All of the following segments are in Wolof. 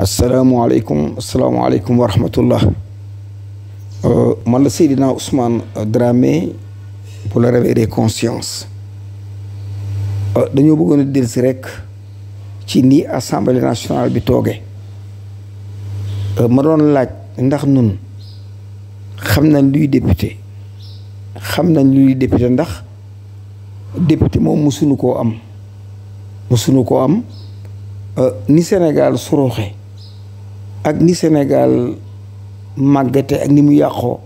asalaamualeykum asalaamualeykum wa rahmatullah euh, man la Seydina Ousmane Dramé pour le réveil des consciences euh, dañoo bëggoon a si rek ci nii assemblée nationale bi toogee euh, ma doon laaj ndax nun xam nañ luy député xam nañ luy député ndax député moom mësuñu koo am mësuñu koo am ni Sénégal surooxe ak ni Sénégal màggate ak ni mu yàqoo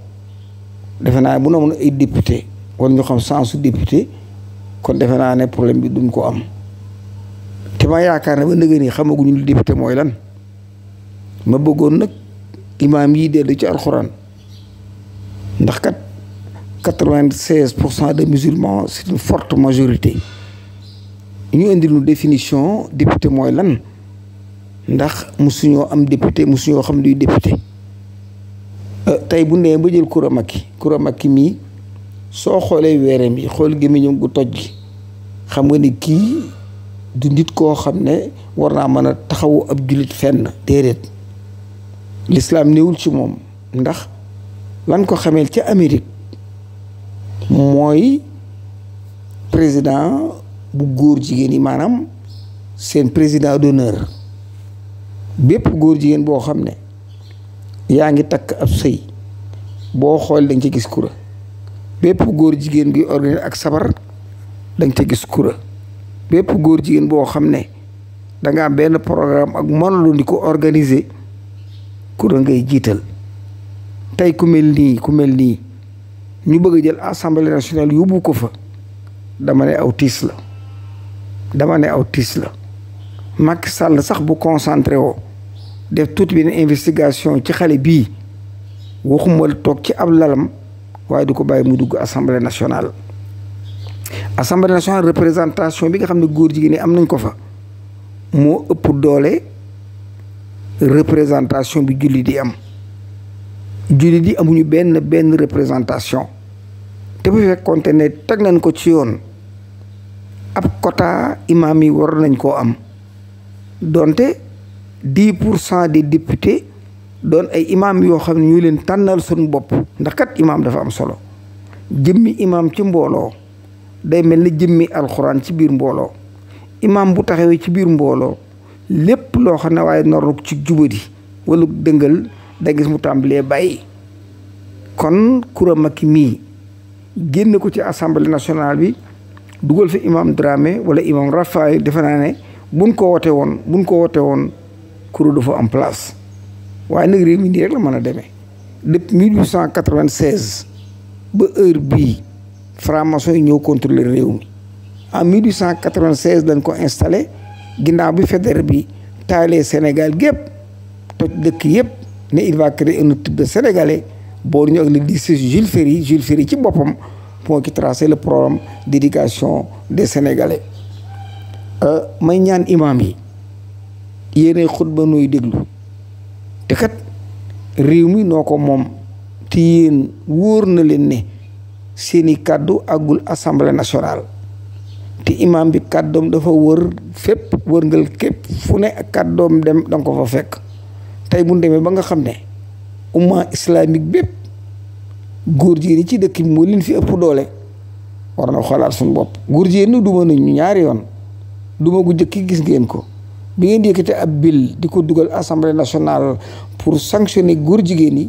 defe naa bu noonu ay député wala ñu xam sensu député kon defe naa ne problème bi duñ ko am te ma yaakaar na ba nëgë ni xamaguñu lu député mooy lan ma bëggoon nag imaam yii dellu ci alxuraan ndax kat quatre-vingt-seize pour cent des musulmans c'est une forte majorité ñu indil nu définition député mooy lan ndax musuñoo am député musuñoo xam luy député euh, tey bu nee ba jël Coura Macky Coura Macky mii soo xoolee weereem yi xool gémmiñoo gu toj gi xam nga ni kii du nit koo xam ne war naa mën a taxawu ab jullit fenn déedéet lislaam néewul ci moom ndax lan ko xameel ca Amérique mooy président bu góor jigéen yi maanaam seen président d'honneur bépp góor jigéen boo xam ne yaa ngi takk ab sëy boo xool da ci gis kura bépp góor jigéen gi organise ak sabar da nga ci gis kure bépp góor jigéen boo xam ne danga am benn programme ak mënuloo di ko organiser kura ngay jiital tey ku mel nii ku nii ñu bëgg a jël assemblée nationale yóbbu ko fa dama ne aw tiis la dama ne aw tiis la Macky sàll sax bu concentré woo def toute ne investigation ci xale bii waxuma toog ci ab lalam waaye du ko bàyyi mu dugg assemblée nationale. assemblée nationale représentation bi nga xam ne góor jigéen ñi am nañ ko fa moo ëpp doole représentation bi julli di am julli di amuñu benn benn représentation te bu fekkoonte ne teg nañ ko ci yoon ab quota imaam yi war nañ koo am. donte dix pour cent des députés doon ay imaam yoo xam ne ñu leen tànnal suñu bopp ndax kat imaam dafa am solo jëmmi imaam ci mbooloo day mel ni jëmmi alxuraan ci biir mbooloo imaam bu taxawee ci biir mbooloo lépp loo xam ne waaye noruk ci jubadi wala dëngal da gis mu tàmbalee bàyyi kon Koura Macky mii génne ko ci assemblée nationale bi dugal fa imaam Dramé wala imaam Raphaël defe naa ne buñ ko wote woon buñ ko wote woon kuro du fa am place waaye nag réew mi nii rek la mën a demee depuis 1896 ba heure bii franc-maçon yi ñoo contrôler réew mi en 1896 dañ ko installé ginnaaw bi fédère bi taalee Sénégal gépp toj dëkk yëpp ne il va créer un type de sénégalais boor ñu ak le lycée Jules Ferry Jules Ferry ci boppam moo ki tracé le programme d'éducation des sénégalais Euh, may ñaan imaam yi yéene xutba nuy déglu te réew mi noo ko moom te yéen wóor na leen ne seeni kàddu àggul assemblée nationale te imaam bi kàddoom dafa wër fépp wërngal képp fu ne kàddoom dem danga ko fa fekk tey bu demee ba nga xam ne umma islamique bépp góor jigéen yi ci dëkk bi moo leen fi ëpp doole war na xoolaat suñu bopp góor jigéen ñi duma nañu ñaari yoon du ma gu jëkki gis ngeen ko bi ngeen di yëkkati ab bill di ko dugal assemblée nationale pour sanctionner góor jigéen yi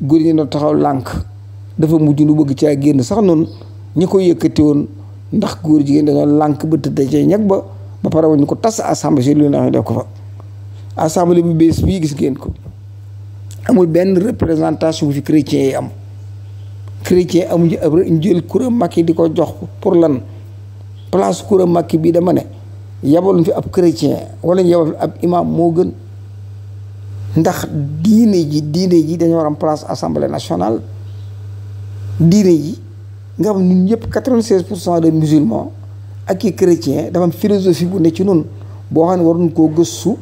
góor ñi doon taxaw lànk dafa mujj nu bëgg caa génn sax noonu ñi ko yëkkati woon ndax góor jigéen dañoo lànk ba tëdd ca ñag ba ba pare woon ñu ko tas assemblée si lu ñu def ko fa. assemblée bu bés bii gis ngeen ko amul benn représentation bu fi chrétien yi am chrétien amuñu ab ñu jël kuréel makki di ko jox pour lan place kuréel makki bii dama ne. yabaloon fi ab chrétien wala ñu yabal fi ab imam moo gën ndax diine ji diine ji dañoo war am place assemblée nationale diine ji nga xam ñun ñëpp quatre-vingt-seize pour cent de musulmans ak i chrétien dafa am philosophie bu ne ci noonu boo xam ne war waruñ koo gëstu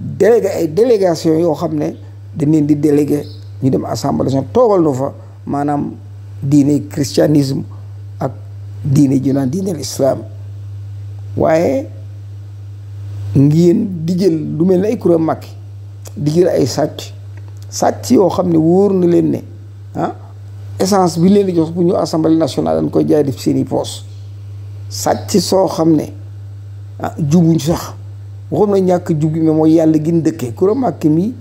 délégué ay délégation yoo xam ne dañ leen di délégué ñu dem assemblée nationale toogal nu fa maanaam diine christianisme ak diine ji naa diine l'islam waaye ngeen di jël lu mel ni ay kuréel màkk di jël ay sàcc sàcc yoo xam ne wóor na leen ne ah essence bi leen di jox bu ñu assemblée nationale dañ koy jaay def seeni i poos sàcc soo xam ne ah jubuñ sax waxoon na ñàkk jub gi mooy yàlla gin dëkkee kuréel màkk mi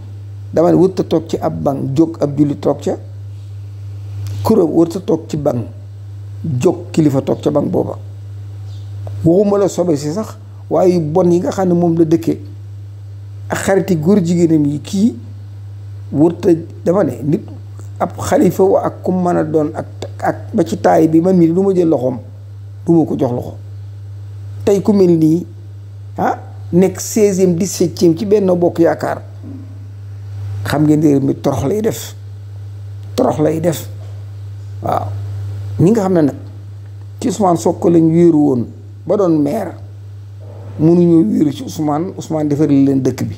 dama ne wërta toog ci ab banc jóg ab julli toog ca kuréel wërta toog ci banc jóg kilifa toog ca banc booba waxuma la si sax waaye yu bon yi nga xam ne moom la dëkkee ak xariti góor jigéenam yi kii wërta dama ne nit ab xalifa wa ak kum mën a doon ak ak ba ci taay bi man mii du ma jël loxoom du ma ko jox loxo tey ku mel nii ah, nekk seizième dix-septième ci benn bokk yaakaar xam nga réew mi torox lay def torox lay def waaw ñi nga xam ne nag ci soo Sonko lañ wéeru woon ba doon maire mënuñoo wéeru ci Ousmane Ousmane defar leen dëkk bi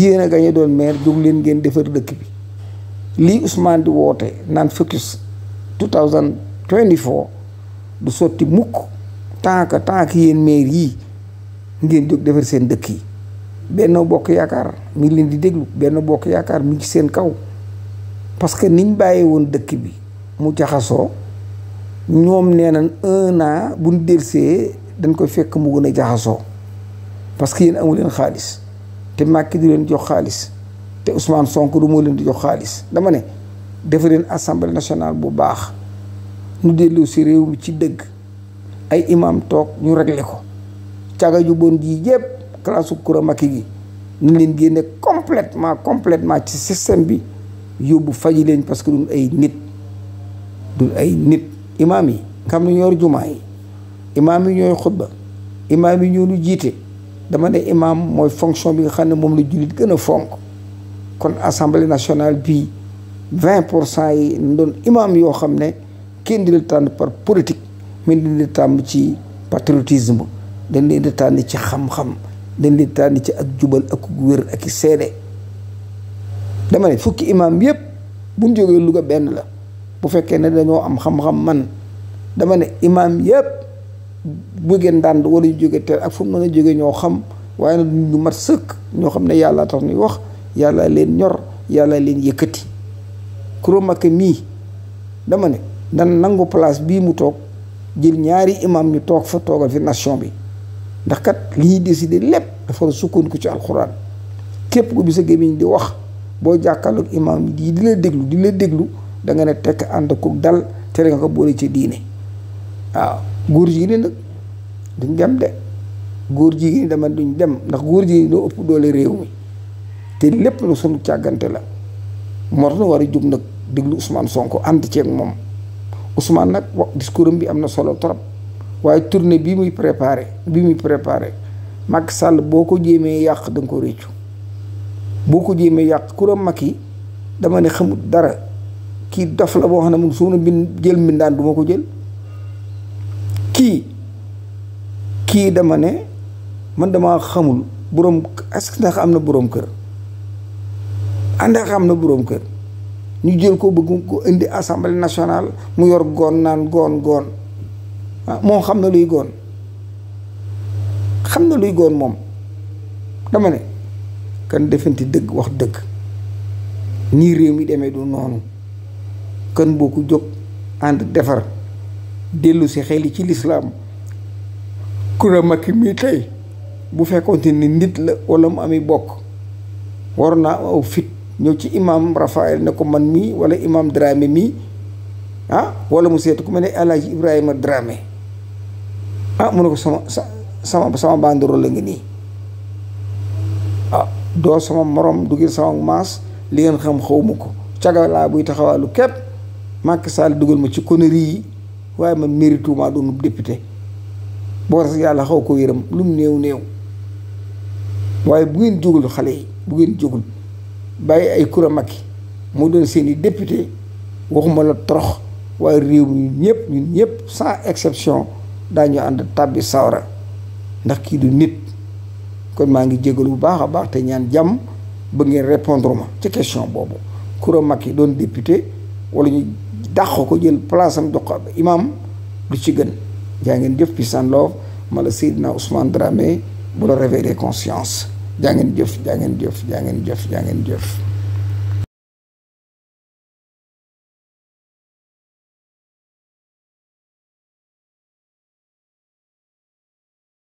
yéen a gañe doon maire jóg leen ngeen defar dëkk bi lii Ousmane di woote naan focus 2024 du sotti mukk tànk tànk yéen maire yii ngeen jóg defar seen dëkk yi benn Bokk Yaakaar mi ngi leen di déglu benn Bokk Yaakaar mi ngi ci seen kaw parce que niñ bàyyee woon dëkk bi mu jaxasoo ñoom nee nañ un an buñ delsee dañ koy fekk mu gën a jaxasoo parce que yéen amu leen xaalis te Macky du leen jox xaalis te Ousmane Sonko du moo leen di jox xaalis dama ne defa leen assemblée nationale bu baax ñu dellu si réew mi ci dëgg ay imam toog ñu réglé ko caga ju bon ji yëpp classe kura Macky gi ñu leen génne complètement completement ci système bi yóbbu faji leen parce que ay nit duñ ay nit imam yi kam ne ñor jumaa yi imaam yi ñooy xutba imaam yi ñoo ñu jiite dama ne imaam mooy fonction bi nga xam ne moom la jullit gën a fonk kon assemblée nationale bii vingt pour cent yi doon imaam yoo xam ne kenn di la tànn par politique mais dañ di tànn ci patriotisme dañ ci xam dañ leen di ci ak jubal ak wér ak i seede dama ne fukki imaam yépp bu ñu jógee Louga benn la bu fekkee ne dañoo am xam-xam man dama ne imaam yépp bu ngeen daan wala ñu jóge teel ak fu mu mën a jóge ñoo xam waaye nag ñu mat sëkk ñoo xam ne yàlla tax ñuy wax yàlla leen ñor yàlla leen yëkkati Coura Mbacké mii dama ne dan nangu place bii mu toog jël ñaari imam ñu toog fa toogal fi nation bi ndax kat li ñuy décidé lépp dafa war ko ci alxuraan képp ku bi gémmiñ di wax boo jàkkaarloog imam yi di la déglu di la déglu danga ne tekk ànd ku dal tere nga ko boole ci diine waaw góor jigéen ñi nag duñ dem de góor jigéen ñi dama duñ dem ndax góor jigéen noo ëpp doole réew mi te lépp na sunu càggante la moo tax na war a jóg nag déglu Ousmane Sonko ànd ceeg moom Ousmane nag wax discours bi am na solo trop waaye tournée bii muy préparé bi muy préparé mag sàll boo ko jéemee yàq da ko réccu boo ko jéemee yàq kuram mag yi dama ne xamut dara kii dof la boo xam ne mun su mun a bind jël mbindaan du ma ko jël kii kii dama ne man dama xamul boroom est ndax am na boroom kër andax am na boroom kër ñu jël ko bëggum ko indi assemblée nationale mu yor goon naan goon goon ah, moom xam na luy goon xam na luy goon moom dama ne kan defenti dëgg wax dëgg nii réew mi demee du noonu kan boo ko jóg ànd defar dellu si xel yi ci lislaam Coura Macky mii tey bu fekkoonte ni nit la wala mu ami bokk waroon naa aw fit ñëw ci imam Raphaël ne ko man mii wala imam Dramé mii ah wala mu seet ku mel ne El Hadj Ibrahima Dramé ah mu ne ko sama sama sama la ngi nii ah doo sama morom du ngir sama maas li ngeen xam xaw ma ko cagalaa buy taxawaalu képp Macky Sall dugal ma ci connerie yi. waaye man mérituma doon député boo tax yàlla xaw ko yërëm lu mu néew néew waaye bu ngeen jógul xale yi bu ngeen jógul bàyyi ay kura makki moo doon seen i député waxuma la torox waaye réew mi ñëpp ñun ñëpp sans exception daañu ànd tàbbi sawra ndax kii du nit kon maa ngi jégal bu baax a baax te ñaan jàmm ba ngeen répondre ma ci question boobu kura makki doon député wala ñu dàq ko jël place am dox ab imam lu ci gën jaa ngeen jëf peace and love mala Seydina Ousmane drame bu la réveiller conscience jaa ngeen jëf jaa ngeen jëf jaa ngeen jëf jaa ngeen jëf